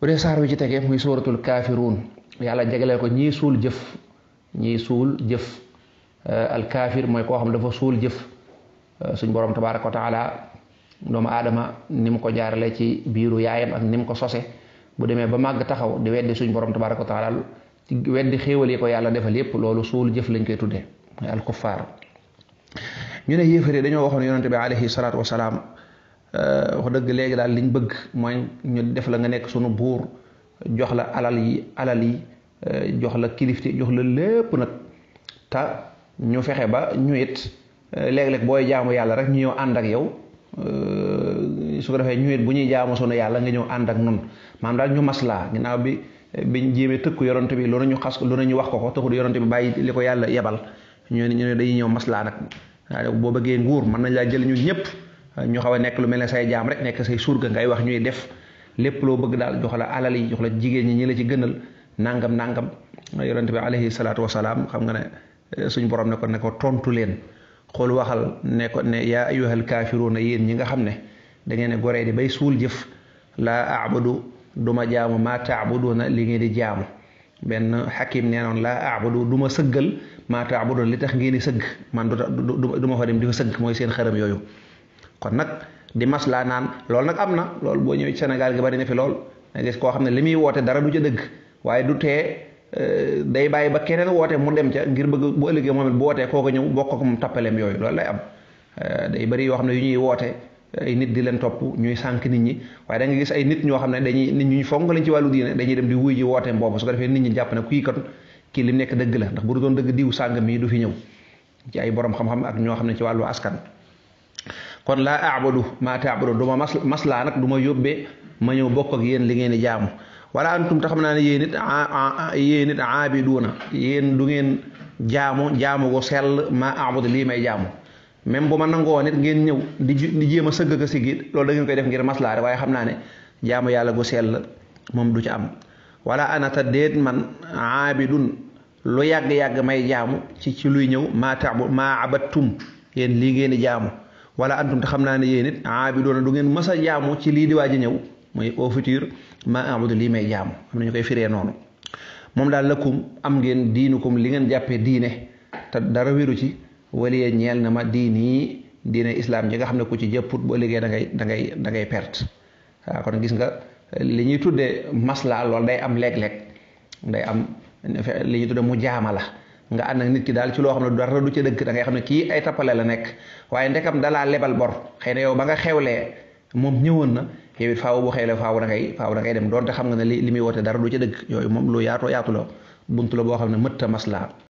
bu dee saar wi ci tegee muy suratul kaafiruun yàlla jagleel ko ñii suul jëf ñii suul jëf euh, alkaafir mooy koo xam dafa suul jëf euh, suñ borom tabaaraka wa taala doomu aadama ni mu ko jaarale ci biiru yaayam ak ni mu ko sose bu demee ba màgg taxaw di weddi suñ borom tabaaraka wa taala weddi xéewal ko yàlla defal yépp loolu suul jëf lañ koy tuddee mooy ñu ne yéefare dañoo waxoon yonante bi alayhi salaatu wasalaam Euh, wax dëgg léegi daal liñ bëgg mooy ñu def la nga nekk sunu buur jox la alal yi alal yi euh, jox la kilifte jox la lépp nag te ñu fexe ba ñu it euh, léeg booy jaamu yàlla rek ñu ñëw ànd ak yow su ko defee ñu it bu ñuy jaamu sunu yàlla nga ñëw ànd ak nun maam daal ñu maslaa ginnaaw bi biñ jéemee tëkku yonante bi lu ñu xas lu ñu wax ko ko taxul yonante bi bàyyi li ko yàlla yebal ñu ñu ne ñëw maslaa nag boo bëggee nguur mën nañ laa jël ñun ñu xaw a nekk lu mel ne say jaam rek nekk say surga ngay wax ñuy def lépp loo bëgg daal jox la alal yi jox la jigéen ñi ñi la ci gënal nangam nangam yonente bi alayhi salaatu wasalaam xam nga ne eh, suñ borom ne ko ne ko tontu leen xool waxal ne ko ne yaa ayyuhal kaafiruuna yéen ñi nga xam ne da ngeen ne goree di bay suul jëf laa abudu duma jaamu maa taabuduuna li ngeen di jaamu benn xakim nee noonu laa abudu du ma sëggal bu taabuduuna li tax ngeen di sëgg man du du ma fa dem di fa sëgg mooy seen xaram yooyu kon nag di mas laa naan loolu nag am na loolu boo ñëwee ci Sénégal gi bari na fi lool da gis koo xam ne li muy woote dara du ca dëgg waaye du tee euh, day bàyyi ba keneen woote mu dem ca ngir bëgg bu ëllëgee moom it bu wootee kooku ñëw bokk ak moom tappaleem yooyu loolu lay am euh, day bari yoo xam ne yu ñuy woote ay nit di leen topp ñuy sànq nit ñi waaye da nga ay nit ñoo xam ne dañuy nit ñu fonk lañ ci wàllu diine dañuy dem di wuy ji wooteem boobu su ko defee nit ñi jàpp ne kii kat kii li nekk dëgg la ndax bu du doon dëgg diw sàng mii du fi ñëw ci ay borom xam-xam ak ñoo xam ne ci wàllu askan kon laa abudu maa taabudu du ma mas maslaa nag du ma yóbbee ma ñëw bokk ak yéen li ngeen di jaamu wala antum te xam naa ne yéen it yéen it aabiduuna yéen du ngeen jaamo jaamu gu sell maa abudu lii may jaamu même bu ma nangoo nit ngeen ñëw di jéem a sëgg ka sigit loolu da koy def ngir maslaare waaye xam naa ne jaamu yàlla gu sell moom du ci am wala anata déet man aabidun lu yàgg-yàgg may jaamu ci ci luy ñëw maa taabu maa abattum yéen lii ngeen di jaamu wala antum te xam naa ne bi it aabidoona du ngeen mës a jaamu ci lii di waaj a ñëw mooy au futur ma abudu lii may jaamu am na ñu koy firee noonu moom daal la lakum am ngeen diinukum li ngeen jàppee diine te dara wéru ci waliye ñeel na ma diini diine islaam ji nga xam ne ku ci jëpput boo liggéey da ngay da ngay da ngay perte waaw kon gis nga li ñuy tuddee masla loolu day am léeg-léeg day am li ñuy tudde mu jaama la nga ànd ak nit ki daal ci loo xam ne dara du ca dëgg da xam ne kii ay tappale la nekk waaye ndekam dalaa lebal bor xëy na yow ba nga xewlee moom ñëwoon na yow it faaw bu xewlee faaw da ngay faaw da ngay dem donte xam nga ne li li muy woote dara du ca dëgg yooyu moom lu yaatoo yaatu la buntu la boo xam ne mëtta maslaa